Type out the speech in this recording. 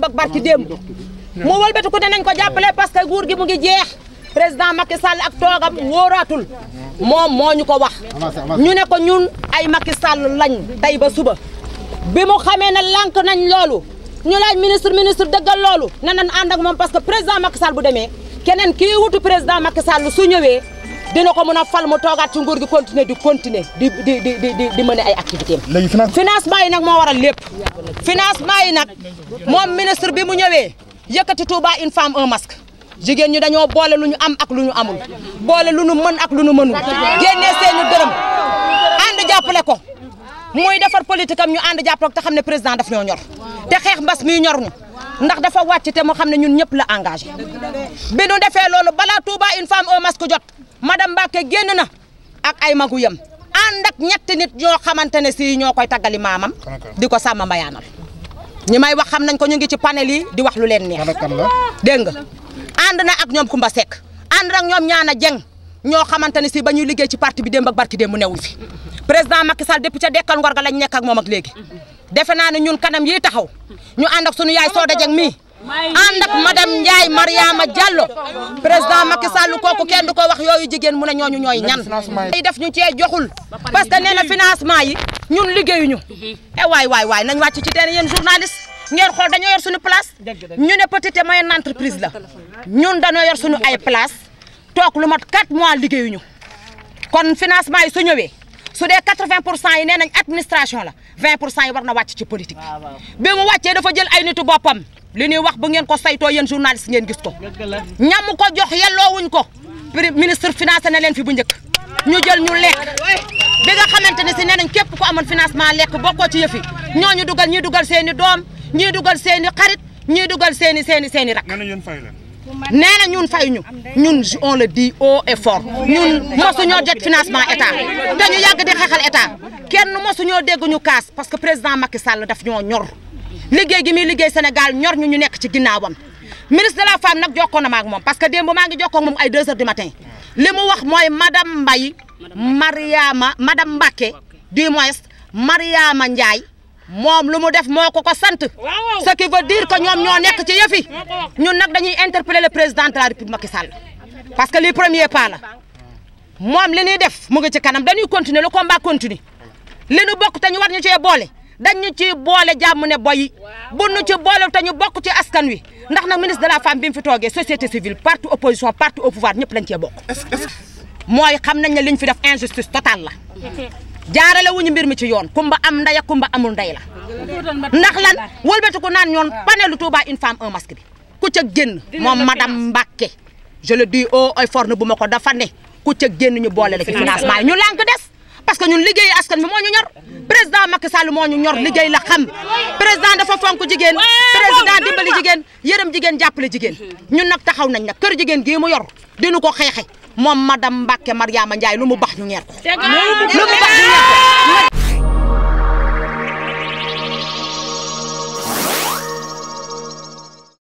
démb ak barki démb mu wëlbatiku ne nañ ko jàppale parce que nguur gi mu ngi jeex président Macky Sall ak toogam wóoraatul moom moo ñu ko wax ñu ne ko ñun ay Macky Sall lañ tey ba suba bi mu xamee ne lànk nañ loolu ñu laaj ministre ministre dëggal loolu ne nañ ànd ak moom parce que président Macky Sall bu demee keneen kii wutu président Macky Sall ñëwee dina ko mën a fal mu toogaat ci nguur gi continuer di continuer di di di di di ay activité am. léegi yi nag moo waral lépp. financement yi nag moom ministre bi mu ñëwee yëkkati Touba une femme un masque jigéen ñi dañoo boole lu ñu am ak lu ñu amul boole lu ñu mën ak lu ñu mënul génnee seeni dërëm ànd jàppale ko muy defar politique am ñu ànd jàppale ko te xam ne président daf ñoo ñor te xeex mbas mi ñor ñu. ndax dafa wàcc te moo xam ne ñun ñëpp la engagé bi defee loolu balaa Touba une femme un masque jot. madame Mbacke génn na ak ay magu yam ànd ñetti nit ñoo xamante ne si ñoo koy taggali maamam. di ko sàmm mbayaanal ñi may wax xam nañ ko ñu ngi ci panel yi di wax lu leen neex. dégg nga ànd na ak ñoom Kumba sek ànd ak ñoom ñaana jeng ñoo xamante ne si ba ñuy liggéey ci parti bi démb ak barki démb newuñ fi président Macky Sall depuis ca dekkal ngor ga lañ nekk ak moom ak léegi. defe naa ne ñun kanam yi taxaw ñu ànd ak sunu yaay Soda Dieng mii ànd ak madame Ndiaye président Macky ko kooku kenn du ko wax yooyu jigéen mu ne ñooñu ñooy ñan ay def ñu cee joxul parce que nee na financement yi ñun liggéeyuñu e waay waay waay nañ wàcc ci teen yéen journaliste ngeen xool dañoo yor suñu place ñu ne petite et moyenne entreprise la ñun dañoo yor suñu ay place toog lu mat 4 mois ñu kon financement yi su ñëwee su dee 80 pour cent yi nee nañ administration la 20 pour cent yi war na wàcc ci politique bi mu wàccee dafa jël ay nitu boppam li ñuy wax bu ngeen ko saytoo yéen journaliste ngeen gis ko ñam ko jox yelloowuñ ko ministre finance na leen fi bu njëkk ñu jël ñu lekk bi nga xamante ne si nee nañ képp ku amoon financement lekk bokkoo ci yëfi ñooñu dugal ñii dugal seen i doom ñii dugal seen i xarit ñii dugal seen seeni seen i seen i rak nee na ñun fay ñu ñun on le di o et fort ñun mosuñoo jot financement état te ñu yàgg di xeexal état kenn mosuñoo dégg ñu kaas parce que président Macky Sall daf ñoo ñor liggéey gi muy liggéey Sénégal ñor ñu ñu nekk ci ginnaawam ministre de la femme nag jokkoo na ma moom parce que démb maa ngi jokkoo ak moom ay 2 heures du matin li mu wax mooy madame Mbaye Mariama madame Mbacké du moins Mariama Ndiaye moom lu mu def moo ko ko sant ce qui veut dire que ñoom ñoo nekk ci yëfi ñun nag dañuy interpeller le président de la république Macky Sall parce que lii premier pas la moom li ñuy def mu ngi ci kanam dañuy continuer le combat continue li ñu bokk te ñu ñu cee boole dañu ci boole jàmm ne boy bu nu ci boole te ñu bokk ci askan wi ndax nag ministre de la femme bi mu fi toogee société civile parti opposition parti au pouvoir ñëpp lañ cee bokk. mooy xam nañ ne liñ fi def injustice totale la. jaarale wuñu mbir mi ci yoon kumba am ndey ak kumba amul ndey la. ndax lan wëlbatiku naan ñoon panelu Touba une femme un masque bi ku ca génn moom madame Mbacke je le dis haut et fort bu ma ko dafa ne ku ca génn ñu boole la ci financement yi que ñun liggéey askan bi moo ñu ñor président Macky Sall moo ñu ñor liggéey la xam président dafa fonk jigéen président dimbali jigéen yërëm jigéen jàppale jigéen ñun nag taxaw nañ nag kër jigéen gii yor dinu ko xeexe moom ma madame Mbacke Mariama Ndiaye lu mu bax ñu ñeer ko lu mu bax